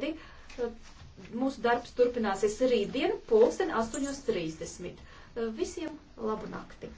sēdi. Mūsu darbs turpināsies rītdien, pulksten 8.30. Visiem labu nakti!